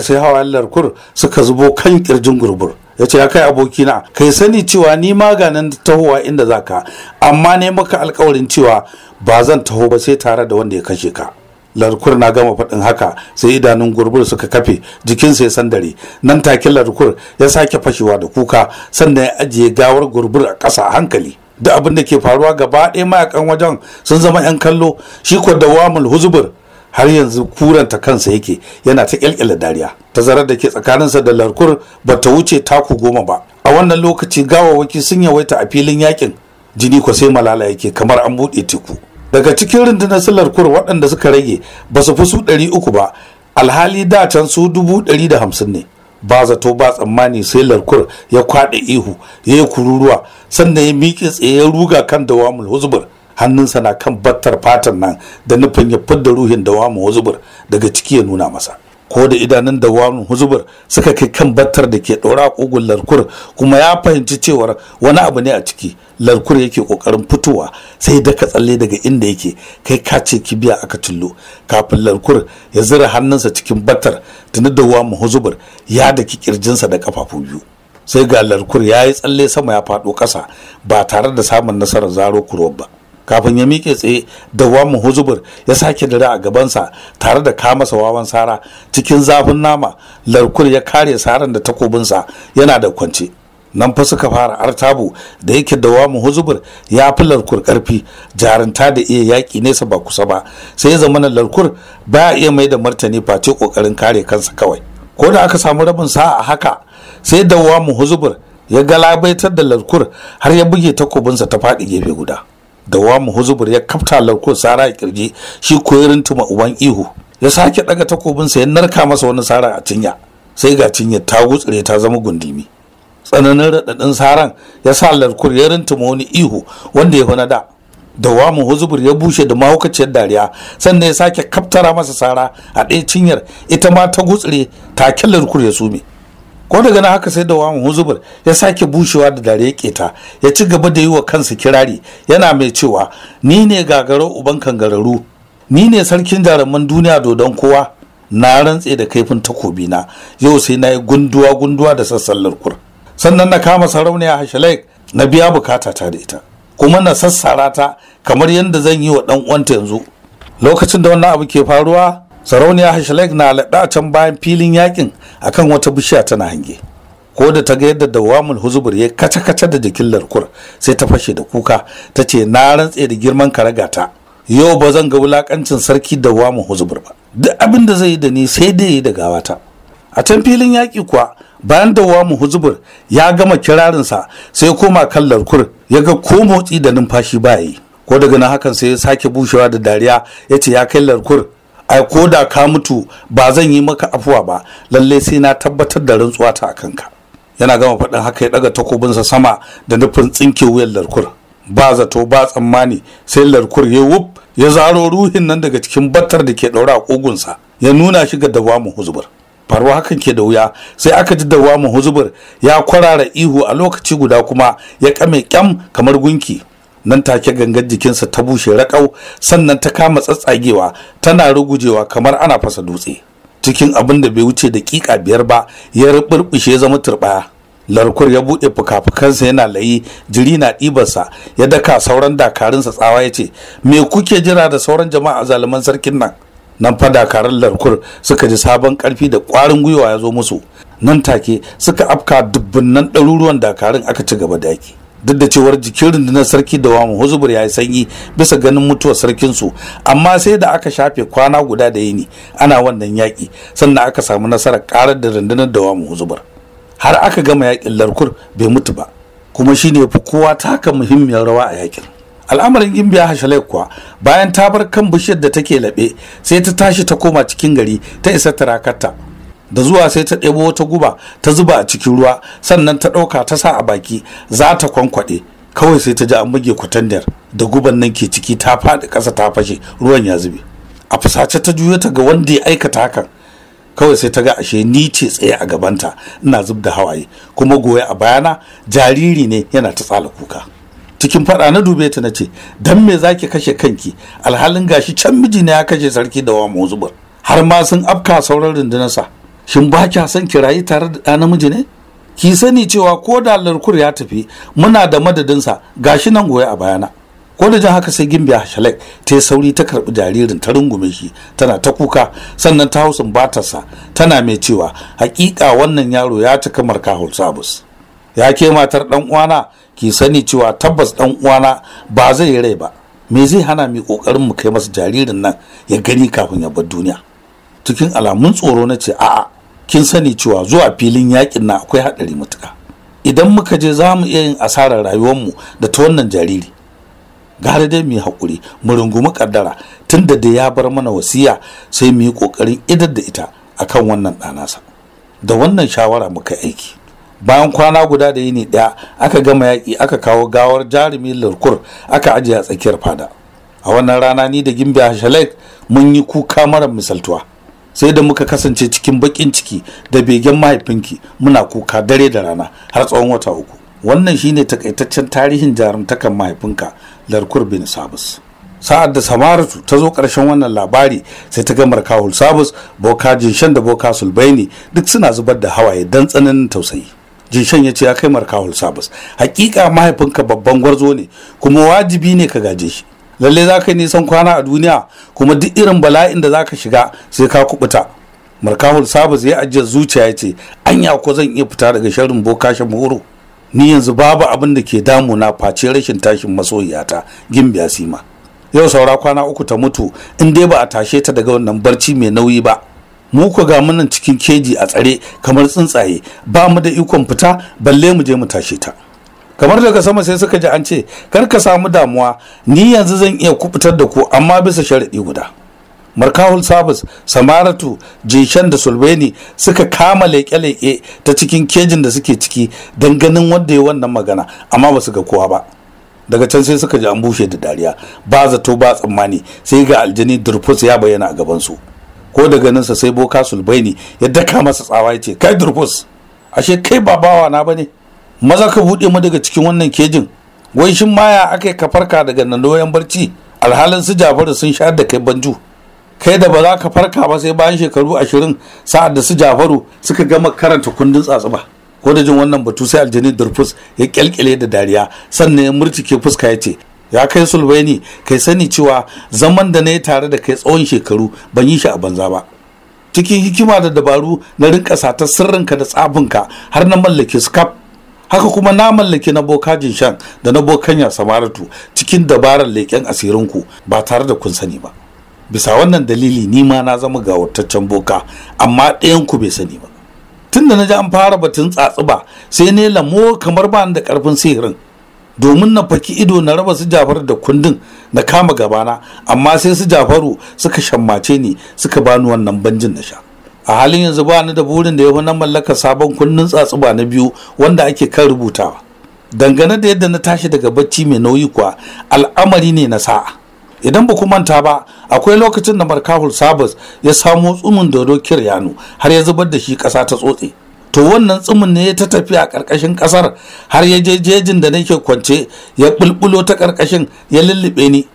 sai hawa larkur suka zubo kan kirjin gurbur ya ce ya kai abokina kai sani cewa ni maganin tahowa inda za ka amma ne maka alkawarin cewa ba zan taho ba sai tare da wanda ya kashe ka larkur na gama faɗin haka sai idanun gurbur suka kafe jikinsa ya sandare nan take larkur ya sake fashewa da kuka sannan ya ajiye gawar gurbur a ƙasa a hankali da abin da ke faruwa gaba ɗaya mayakan wajen sun zama 'yan kallo shi ko da wamul huzubur har yanzu kuranta kansa yake yana ta kyalkyala dariya tazarar da ke tsakaninsa da larkur ba ta wuce taku goma ba a wannan lokaci gawawaki sun yawaita a filin yakin jini ko sai malala yake kamar an buɗe teku daga cikin rundunar su larkur waɗanda suka rage ba su fi su ɗari uku ba alhali da can su dubu ɗari da hamsin ne ba zato ba tsammani sai larkur ya kwaɗa ihu ya yi kururuwa sannan ya miƙe tsaye ya ruga kan dawamul huzbur hannunsa na kan battar fatan nan da nufin ya fidda ruhin dawamin huzubur daga ciki ya nuna masa ko da idanun dawamin huzubur suka kai kan battar da ke ɗora ƙugun larkur kuma ya fahimci cewar wani abu ne a ciki larkur yake ƙoƙarin fitowa sai daka tsalle daga inda yake kai ka kace biya aka tullo kafin larkur ya zira hannunsa cikin battar tuni dawamin huzubur ya daki kirjinsa da kafafu biyu sai ga larkur ya yi tsalle sama ya faɗo ƙasa ba tare da samun nasarar zaro kurowar ba kafin ya miƙe tsaye dawwamin huzubur ya sake dare a gabansa tare da kama wawan sara cikin zafin nama larkur ya kare saran da takobinsa yana da kwance nan fa suka fara artabu da yake dawamu huzubur ya fi larkur karfi jarinta da iya yaƙi nesa ba kusa ba sai ya zama na larkur baya iya mai da martani face ƙoƙarin kare kansa kawai ko da aka samu rabin sa'a haka sai da dawamu huzubur ya galabaitar da larkur har ya buge takobinsa ta faɗi gefe guda da wa mu huzubur ya kafta lauko sara a kirje shi koyarin tuma uban ihu ya sake daga sa ya narka masa wani sara a cinya sai ga cinya ta gutsire ta zama gundumi tsananin raɗaɗin saran ya sa lalkur ya rintuma wani ihu wanda ya na da da wa mu huzubur ya bushe da mahaukaciyar dariya sannan ya sake kaftara masa sara a ɗaya cinyar ita ma ta gutsire ta larkur ya sume ko daga nan haka sai da wawan huzubur ya sake bushewa da dare ya keta ya ci gaba da yi wa kansa kirari yana mai cewa ni ne gagaro uban kangararu? ni ne sarkin jaruman duniya dodon kowa na rantse da kaifin takobi na yau sai na yi gunduwa gunduwa da sassan larkur sannan na kama sarauniya hashalek na biya bukata ta da ita kuma na sassara ta kamar yadda zan yi wa dan uwanta yanzu lokacin da wannan abu ke faruwa sarauniya hashleg na a can bayan filin yakin akan wata bishiya tana hange ko da ta ga yadda dawamul huzubur ya kaca-kaca da jikin larkur sai ta fashe da kuka ta ce na rantse da girman karagata yau ba zan ga wulakancin sarki dawamul huzubur ba duk abin da zai yi da ni sai dai yi da gawata a can filin yaƙi kuwa bayan dawamul huzubur ya gama kirarinsa sai koma kan larkur ya ga ko motsi da numfashi ba yi ko daga nan hakan sai ya sake bushewa da dariya ya ce ya kai larkur ai ko da ka mutu ba zan yi maka afuwa ba lalle sai na tabbatar da rantsuwa ta a kanka yana gama faɗin haka ya ɗaga takobinsa sama da nufin tsinke wuyan larkur ba zato ba tsammani sai larkur ya wuf ya zaro ruhin nan daga cikin battar da ke ɗaura a ƙugunsa ya nuna shi ga dawamin huzubar faruwa hakan ke da wuya sai aka ji dawamin huzubar ya kwarara ihu a lokaci guda kuma ya kame kyam kamar gunki nan take gangar jikinsa ta bushe raƙau sannan ta kama tsatsagewa tana rugujewa kamar ana fasa dutse cikin abin da bai wuce da daƙiƙa biyar ba ya ruburbushe zama turɓaya larkur ya buɗe fuka yana layi jiri na ɗibarsa ya daka sauran dakarunsa tsawa ya ce me kuke jira da sauran jama'a zaluman sarkin nan nan fa dakarun larkur suka ji sabon ƙarfi da ƙwarin gwiwa ya zo musu nan take suka afka nan ɗaruruwan dakarun aka ci gaba da yaki duk da cewar jikin rundunar sarki da wamu huzubur ya yi sanyi bisa ganin mutuwar sarkinsu amma sai da aka shafe kwana guda da yini ana wannan yaƙi sannan aka samu nasarar karar da rundunar da wamu huzubur har aka gama yaƙin larkur bai mutu ba kuma shine fi kowa taka muhimmiyar rawa a yaƙin al'amarin gimbiya hashalai kuwa bayan ta bar kan bishiyar da take laɓe sai ta tashi ta koma cikin gari ta isa tarakarta da zuwa sai ta ɗebo wata guba ta zuba a cikin ruwa sannan ta ɗauka ta sa a baki za ta kwankwaɗe kawai sai ta ji an buge kwatandar da guban nan ke ciki ta faɗi ƙasa ta fashe ruwan ya zube a fusace ta juya ta ga wanda ya aikata hakan kawai sai ta ga ashe ni ce tsaye a gabanta ina zub da hawaye kuma goya a bayana jariri ne yana ta tsala kuka cikin faɗa na dube ta na ce dan me zaki kashe kanki alhalin gashi can miji ne ya kashe sarki da wa zubar har ma sun afka sauran rundunarsa shin ba kya son kirayi tare da ɗa namiji ne ki sani cewa ko da larkur ya tafi muna da madadinsa shi nan goye a bayana ko da jan haka sai gimbiya shalek ta yi sauri ta karɓi jaririn ta rungume shi tana ta kuka sannan ta hausin batarsa tana mai cewa hakika wannan yaro ya kamar marka sabus ya ke matar dan uwana ki sani cewa tabbas dan uwana ba zai rai ba me zai hana mu kokarin mu kai masa jaririn nan ya gani kafin ya bar duniya cikin alamun tsoro na ce a'a kin sani cewa zuwa filin yakin na akwai haɗari matuka. idan muka je za mu iya yin asarar rayuwarmu da ta wannan jariri gara dai mu yi haƙuri mu rungumi ƙaddara tunda da ya bar mana wasiya sai mu yi ƙoƙarin idar da ita akan wannan ɗanasa da wannan shawara muka aiki bayan kwana guda da yini ɗaya aka gama yaƙi aka kawo gawar jarumin larkur aka ajiye a tsakiyar fada a wannan rana ni da gimbiya shalek mun yi kuka mara misaltuwa sai da muka kasance cikin bakin ciki da begen mahaifinki muna kuka dare da rana har tsawon wata uku wannan shine takaitaccen tarihin jarumtakan mahaifinka larkur bin sabus sa'ad da samaratu ta zo karshen wannan labari sai ta gamar kawul sabus boka jinshan da boka sulbaini duk suna zubar da hawaye dan tsananin tausayi jinshan ya ce ya kai markawul sabus hakika mahaifinka babban gwarzo ne kuma wajibi ne ka gaje shi lalle za ka yi nisan kwana a duniya kuma duk irin bala'in da za ka shiga sai ka kubuta markahul sabis ya ajiyar zuciya ya ce anya ko zan iya fita daga sharrin boka shan horo ni yanzu babu abin da ke damu na face rashin tashin masoyiyata gimbiya sima yau saura kwana uku ta mutu in dai ba a tashe ta daga wannan barci mai nauyi ba mu ku ga munan cikin keji a tsare kamar tsuntsaye ba mu da ikon fita balle mu je mu tashe ta kamar daga sama sai suka ji an ce kar ka samu damuwa ni yanzu zan iya kubutar da ku amma bisa sharaɗi guda markahul sabis samaratu jishan da sulbeni suka kama leƙe-leƙe ta cikin kejin da suke ciki don ganin wanda ya wannan magana amma ba su ga kowa ba daga can sai suka ji an bushe da dariya ba zato ba tsammani sai ga aljani durfus ya bayyana a gabansu ko da ganinsa sai boka sulbaini ya daka masa tsawa ya ce kai durfus ashe kai ba bawa na bane maza ka buɗe mu daga cikin wannan kejin wai shin maya aka yi ka farka daga nan barci alhalin su jafaru sun sha da kai banju kai da ba za ka farka ba sai bayan shekaru ashirin sa'ad da su jafaru suka gama karanta kundin tsatsuba ko da jin wannan batu sai aljini durfus ya kyalkyale da dariya sannan ya murtike fuska ya ce ya kai sulbaini kai sani cewa zaman da na yi tare da kai tsawon shekaru ban yi shi a banza ba cikin hikima da dabaru na rinka sata sirrinka da tsafinka har na mallake su kaf haka kuma na mallaki na bokajin shan da na bokanya samaratu cikin dabarar leƙen asirinku ba tare da kun sani ba bisa wannan dalili ni ma na zama gawartaccen boka amma ɗayan ku bai sani ba tun da na ji an fara batun ba, sai ne lamo kamar ba da ƙarfin sihirin domin na faki ido na raba su jafar da kundin na kama gabana amma sai su jafaru suka shammace ni suka bani wannan banjin na sha a halin yanzu ba ni da burin da ya fi na mallaka sabon kunnen tsatsuba na biyu wanda ake kan rubutawa dangane da yadda na tashi daga bacci mai nauyi kuwa al'amari ne na sa'a idan ba manta ba akwai lokacin da markahul sabas ya samo tsumin dodo yanu har ya zubar da shi ƙasa ta tsotse to wannan tsumin ne ta tafi a ƙarƙashin ƙasar har ya je jejin da nake kwance ya bulbulo ta ƙarƙashin ya lullube ni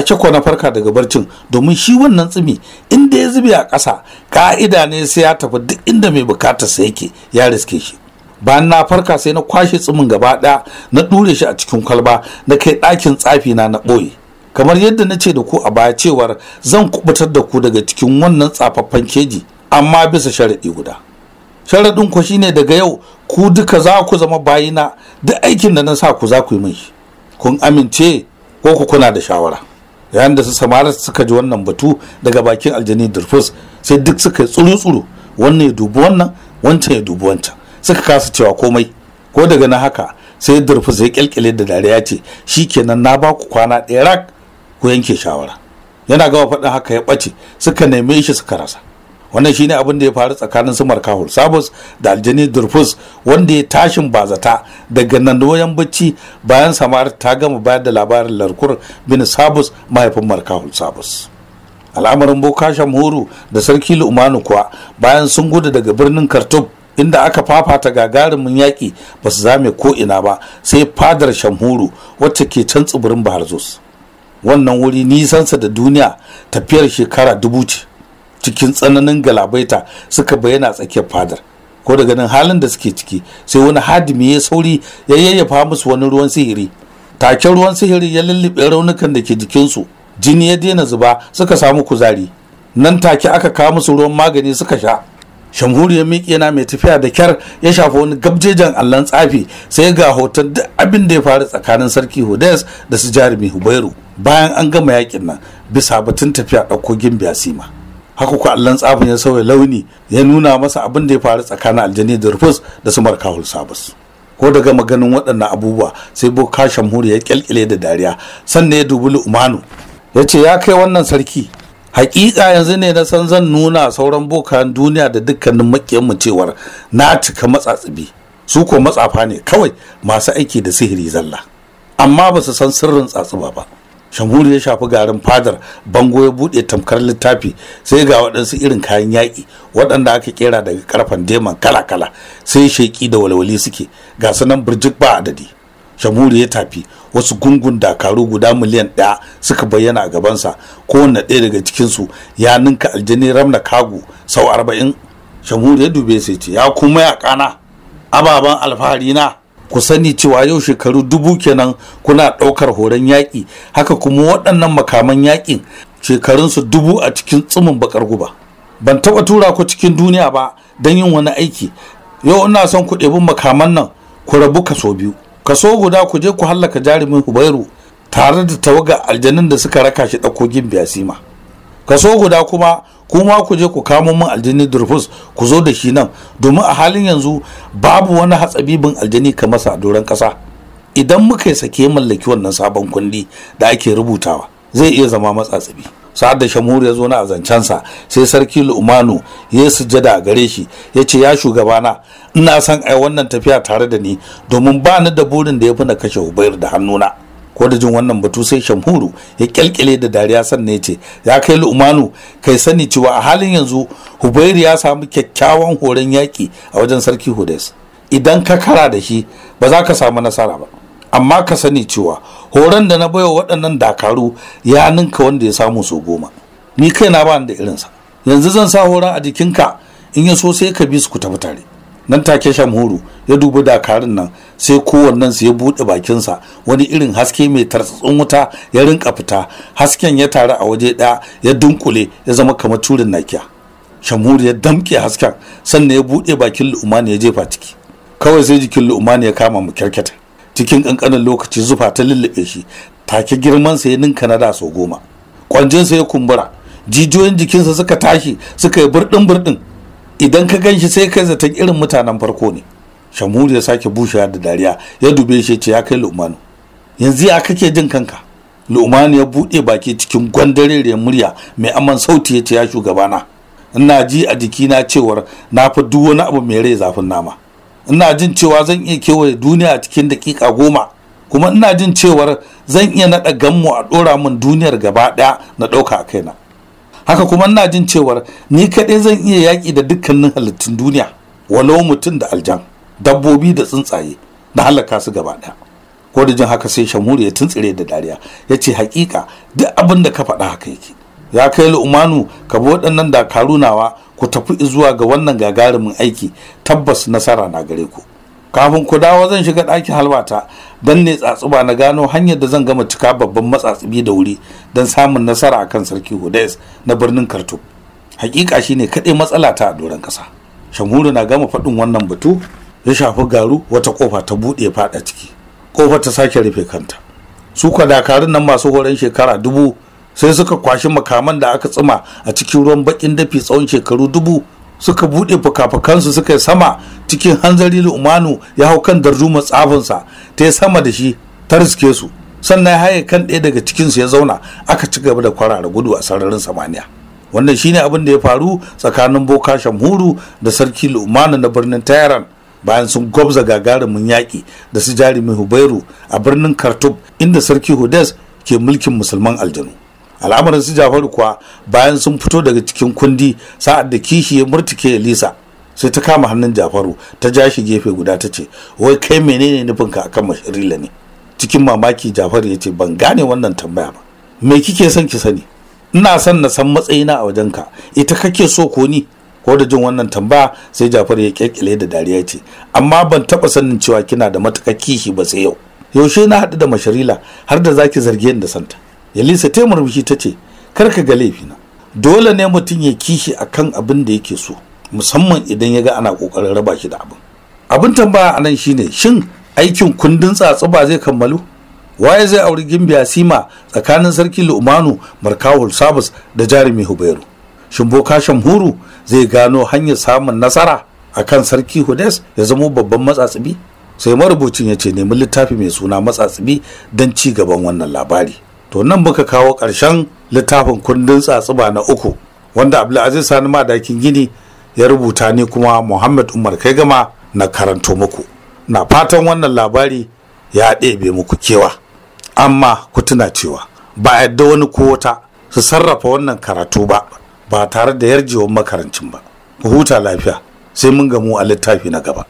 ta ko na farka daga barcin domin shi wannan tsimi inda ya zube a ƙasa ka'ida ne sai ya tafi duk inda mai bukatar sa yake ya riske shi bayan na farka sai na kwashe tsimin gaba ɗaya na ɗure shi a cikin kwalba na kai ɗakin tsafi na na ɓoye kamar yadda na ce da ku a baya cewar zan kubutar da ku daga cikin wannan tsafaffen keji amma bisa sharaɗi guda sharaɗin ku shine daga yau ku duka za ku zama bayina duk aikin da na sa ku za ku yi mai kun amince ko ku kuna da shawara yayin da su samara suka ji wannan batu daga bakin aljani durfus sai duk suka tsuru tsuru wannan ya dubi wannan wancan ya dubi wancan suka kasa cewa komai ko daga na haka sai durfus ya kyalkyale da dariya ce shi kenan na ba ku kwana ɗaya rak ku yanke shawara yana gama faɗin haka ya ɓace suka neme shi suka rasa wannan shine abin da ya faru tsakanin su markahul sabus da aljani durfus wanda ya tashin bazata daga nan wayan bacci bayan samar ta gama bayar da labarin larkur bin sabus mahaifin markahul sabus al'amarin boka shamhuru da sarki lu'manu kuwa bayan sun gudu daga birnin kartub inda aka fafata gagarumin yaƙi ba su zame ko ina ba sai fadar shamhuru wacce ke can tsibirin bahar zos wannan wuri nisansa da duniya tafiyar shekara dubu ce cikin tsananin galabaita suka bayyana tsakiyar fadar ko daga nan halin da suke ciki sai wani hadimi ya sauri ya yayyafa musu wani ruwan sihiri taken ruwan sihiri ya lullube raunukan da ke jikinsu jini ya daina zuba suka samu kuzari nan take aka kawo musu ruwan magani suka sha shamhuri ya miƙe yana mai tafiya da kyar ya shafa wani gabjejen allon tsafi sai ga hoton duk abin da ya faru tsakanin sarki hodes da su jarumi hubairu bayan an gama yakin nan bisa batun tafiya ɗauko gimbiya sima haka ku allon tsafin ya sauya launi ya nuna masa abin da ya faru tsakanin aljani da rufus da su markahul sabus ko daga maganin waɗannan abubuwa sai bo kashin shamhuri ya kyalkyale da dariya sannan ya dubi umanu ya ce ya kai wannan sarki hakika yanzu ne na san zan nuna sauran bokan duniya da dukkanin mu cewar na cika matsatsibi su ko matsafa ne kawai masu aiki da sihiri zalla amma ba su san sirrin tsatsuba ba shamhur ya shafi garin fadar bango ya buɗe tamkar littafi sai ga waɗansu irin kayan yaƙi waɗanda aka kera daga karfan deman kala-kala sai sheƙi da walwali suke ga sanan birjik ba adadi shamhur ya tafi wasu gungun dakaru guda miliyan ɗaya suka bayyana a gabansa kowanne ɗaya daga cikinsu ya ninka aljani ramna kagu sau arba'in shamhur ya dube sai ce ya kuma ya kana ababen alfahari na ku sani cewa yau shekaru dubu kenan kuna ɗaukar horon yaƙi haka kuma waɗannan makaman yaƙin shekarunsu dubu a cikin tsumin bakar guba ban taɓa tura ku cikin duniya ba don yin wani aiki yau ina son ku ɗebi makaman nan ku rabu kaso biyu kaso guda ku je ku hallaka jarumin hubairu tare da tawaga aljanun da suka raka shi ɗauko biyasima sima kaso guda kuma kuma ku je ku kamo min aljini durfus ku zo da shi nan domin a halin yanzu babu wani hatsabibin aljini kamar sa doron ƙasa idan muka yi sake mallaki wannan sabon kundi da ake rubutawa zai iya zama matsatsabi sa'ad da shamhur ya zo na azancensa sai sarki lu'manu ya sujada a gare shi ya ce ya shugabana ina son ai wannan tafiya tare da ni domin ba ni da burin da ya fi na kashe hubair da hannuna ko da jin wannan batu sai shamhuru ya kyalkyale da dariya sannan ya ce ya kai lu'umanu kai sani cewa a halin yanzu hubairu ya samu kyakkyawan horon yaƙi a wajen sarki hudes idan ka kara da shi ba za ka samu nasara ba amma ka sani cewa horon da na baiwa waɗannan dakaru ya ninka wanda ya samu so goma ni kai na ba da irinsa yanzu zan sa horon a jikinka in ya so sai ka bi su ku tafi tare nan take shamhuru ya dubi dakarun nan sai kowannen su ya buɗe sa wani irin haske mai tartsatsun wuta ya rinka fita hasken ya taru a waje ɗaya ya dunkule ya zama kamar turin nakiya shamhuru ya damƙe hasken sannan ya buɗe bakin lu'umani ya jefa ciki kawai sai jikin lu'umani ya kama mu kyarkyata cikin ƙanƙanin lokaci zufa ta lullube shi take girman sa ya ninka na da sau goma kwanjinsa ya kumbura jijiyoyin jikinsa suka tashi suka yi burɗin burɗin idan ka gan shi sai kai zaton irin mutanen farko ne shamhuri ya sake bushewa da dariya ya dube shi ce ya kai lu'manu yanzu ya kake jin kanka lu'manu ya buɗe baki cikin da murya mai aman sauti ya ce ya shugabana ina ji a jikina cewar na fi duk wani abu mai rai zafin nama ina jin cewa zan iya kewaye duniya cikin dakika goma kuma ina jin cewar zan iya naɗa gammu a ɗora min duniyar gaba ɗaya na ɗauka a kaina haka kuma ina jin cewar ni kaɗai zan iya yaƙi da dukkanin halittun duniya walau mutum da aljan dabbobi da tsuntsaye da halaka su gaba ɗaya ko da jin haka sai shamuru ya tuntsire da dariya ya ce haƙiƙa duk abin da ka faɗa haka yake ya kai lu'umanu ka bi waɗannan dakaru nawa ku tafi zuwa ga wannan gagarumin aiki tabbas nasara na gare ku kafin ku dawo zan shiga ɗakin halwata don ne tsatsuba na gano hanyar da zan gama cika babban matsatsubi da wuri don samun nasara akan sarki hudais na birnin karto. hakika shine kaɗai matsala ta a doron ƙasa shamhuru na gama faɗin wannan batu ya shafi garu wata ƙofa ta buɗe faɗa ciki ƙofa ta sake rufe kanta su kwa dakarun nan masu horon shekara dubu sai suka kwashi makaman da aka tsima a cikin ruwan baƙin dafi tsawon shekaru dubu suka buɗe fukafukansu suka yi sama cikin hanzari umanu ya hau kan darduma tsafinsa ta yi sama da shi ta riske su sannan haye kan ɗaya daga cikinsu ya zauna aka ci gaba da kwarara gudu a sararin samaniya wannan shine abin da ya faru tsakanin boka shamhuru da sarki lumanu na birnin tairan bayan sun gwabza gagarumin yaƙi da su jarumin hubairu a birnin khartoum inda sarki hudes ke mulkin musulman aljanu al'amarin su jafaru kuwa bayan sun fito daga cikin kundi sa'ad da kishi ya murtike lisa sai ta kama hannun jafaru ta ja shi gefe guda ta ce wai kai menene nufinka akan mashirila ne cikin mamaki jafaru ya ce ban gane wannan tambaya ba me kike son ki sani ina son na san matsayina a wajen ka ita kake so ko ni ko da jin wannan tambaya sai jafar ya kirkire da dariya ce amma ban taba sanin cewa kina da matukar kishi ba sai yau yaushe na haɗu da masharila har da zaki zarge ni da santa yalisa ta murmushi ta ce kar ka ga laifi na. dole ne mutum ya kishi akan abin da yake so musamman idan ya ga ana kokarin raba shi da abin abin tambaya anan shine shin aikin kundin tsatsu ba zai kammalu waye zai auri gimbiya sima tsakanin sarki lu'manu markawul sabus da jarumi hubairu shin boka huru zai gano hanyar samun nasara akan sarki hudes ya zamo babban matsatsibi sai marubucin ya ce nemi littafi mai suna matsatsibi don ci gaban wannan labari to nan muka kawo ƙarshen littafin kundin tsatsuba na uku wanda abdulaziz sani madakin gini ya rubuta ni kuma muhammad umar kai gama na karanto muku na fatan wannan labari ya ɗebe muku kewa amma ku tuna cewa ba a yadda wani ko su sarrafa wannan karatu ba ba tare da yarjewar makarancin ba ku huta lafiya sai mun gamu a littafi na gaba